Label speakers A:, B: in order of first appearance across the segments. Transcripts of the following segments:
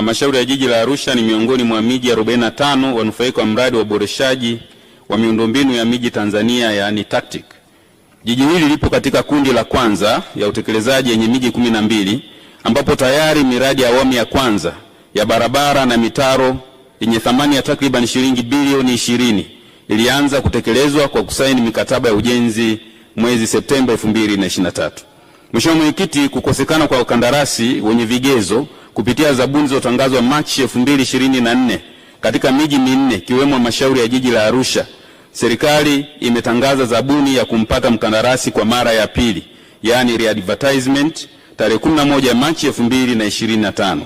A: Halmashauri ya jiji la Arusha ni miongoni mwa miji 45 wanufaika wa mradi wa uboreshaji wa miundombinu ya miji Tanzania, yaani TACTIC. Jiji hili lipo katika kundi la kwanza ya utekelezaji yenye miji 12 ambapo tayari miradi ya awamu ya kwanza ya barabara na mitaro yenye thamani ya takriban shilingi bilioni ishirini ilianza kutekelezwa kwa kusaini mikataba ya ujenzi mwezi Septemba 2023. Mheshimiwa Mwenyekiti, kukosekana kwa wakandarasi wenye vigezo kupitia zabuni zilizotangazwa Machi 2024 katika miji minne ikiwemo halmashauri ya jiji la Arusha, serikali imetangaza zabuni ya kumpata mkandarasi kwa mara ya pili, yaani readvertisement tarehe 11 Machi 2025.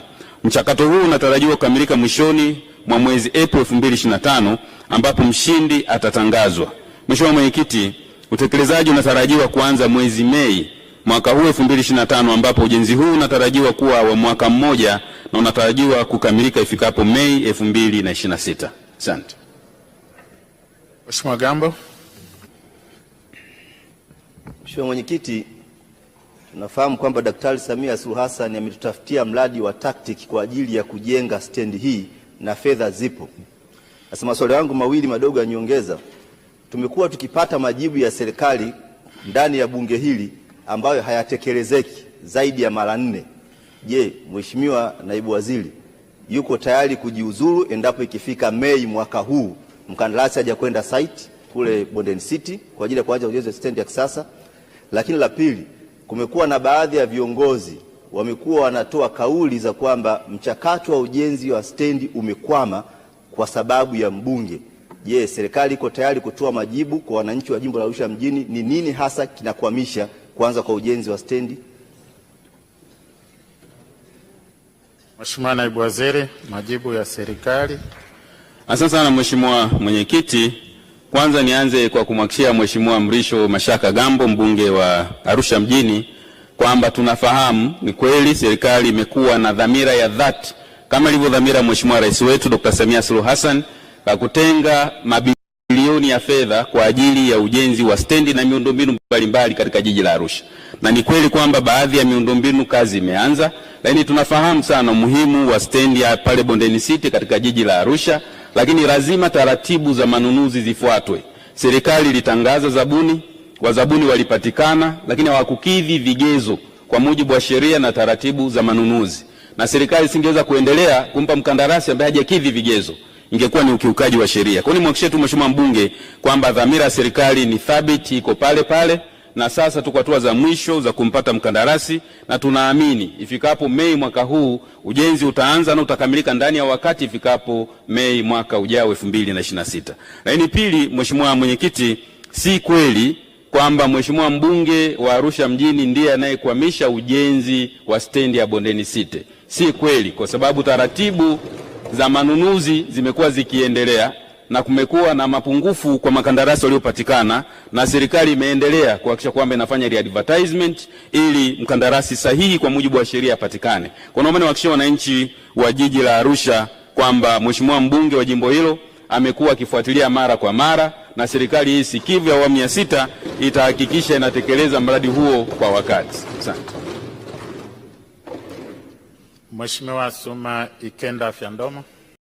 A: Mchakato huu unatarajiwa kukamilika mwishoni mwa mwezi Aprili 2025 ambapo mshindi atatangazwa. Mheshimiwa Mwenyekiti, utekelezaji unatarajiwa kuanza mwezi Mei mwaka huu 2025 ambapo ujenzi huu unatarajiwa kuwa wa mwaka mmoja na unatarajiwa kukamilika ifikapo Mei 2026. Asante.
B: Mheshimiwa Gambo.
C: Mheshimiwa Mwenyekiti, tunafahamu kwamba Daktari Samia Suluhu Hassan ametutafutia mradi wa TACTIC kwa ajili ya kujenga stendi hii na fedha zipo. Sasa maswali yangu mawili madogo ya nyongeza, tumekuwa tukipata majibu ya serikali ndani ya bunge hili ambayo hayatekelezeki zaidi ya mara nne. Je, Mheshimiwa Naibu Waziri yuko tayari kujiuzulu endapo ikifika Mei mwaka huu mkandarasi hajakwenda site kule Bondeni City kwa ajili ya kuanza ujenzi wa stendi ya kisasa? Lakini la pili, kumekuwa na baadhi ya viongozi wamekuwa wanatoa kauli za kwamba mchakato wa ujenzi wa stendi umekwama kwa sababu ya mbunge. Je, serikali iko tayari kutoa majibu kwa wananchi wa jimbo la Arusha mjini, ni nini hasa kinakwamisha kuanza kwa ujenzi wa stendi.
B: Mheshimiwa Naibu Waziri, majibu ya serikali.
A: Asante sana Mheshimiwa Mwenyekiti. Kwanza nianze kwa kumhakikishia Mheshimiwa Mrisho Mashaka Gambo, mbunge wa Arusha mjini, kwamba tunafahamu ni kweli serikali imekuwa na dhamira ya dhati kama ilivyo dhamira Mheshimiwa Rais wetu Dr. Samia Suluhu Hassan la kutenga mabilioni mabilioni ya fedha kwa ajili ya ujenzi wa stendi na miundombinu mbalimbali katika jiji la Arusha, na ni kweli kwamba baadhi ya miundombinu kazi imeanza, lakini tunafahamu sana umuhimu wa stendi ya pale Bondeni City katika jiji la Arusha, lakini lazima taratibu za manunuzi zifuatwe. Serikali ilitangaza zabuni, wazabuni walipatikana, lakini hawakukidhi vigezo kwa mujibu wa sheria na taratibu za manunuzi, na serikali singeweza kuendelea kumpa mkandarasi ambaye hajakidhi vigezo ingekuwa ni ukiukaji wa sheria. Kwa hiyo nimhakikishie tu Mheshimiwa mbunge kwamba dhamira ya serikali ni thabiti, iko pale pale, na sasa tuko hatua za mwisho za kumpata mkandarasi, na tunaamini ifikapo Mei mwaka huu ujenzi utaanza na utakamilika ndani ya wakati ifikapo Mei mwaka ujao 2026. Lakini pili, Mheshimiwa Mwenyekiti, si kweli kwamba Mheshimiwa mbunge wa Arusha mjini ndiye anayekwamisha ujenzi wa stendi ya Bondeni City. Si kweli, kwa sababu taratibu za manunuzi zimekuwa zikiendelea na kumekuwa na mapungufu kwa makandarasi waliopatikana, na serikali imeendelea kuhakikisha kwamba inafanya re-advertisement ili mkandarasi sahihi kwa mujibu wa sheria apatikane. Kwa naomba niwahakikishie wananchi wa jiji la Arusha kwamba mheshimiwa mbunge wa jimbo hilo amekuwa akifuatilia mara kwa mara, na serikali hii sikivu ya awamu ya sita itahakikisha inatekeleza mradi huo kwa wakati. Asante.
B: Mheshimiwa Suma Ikenda Fyandomo.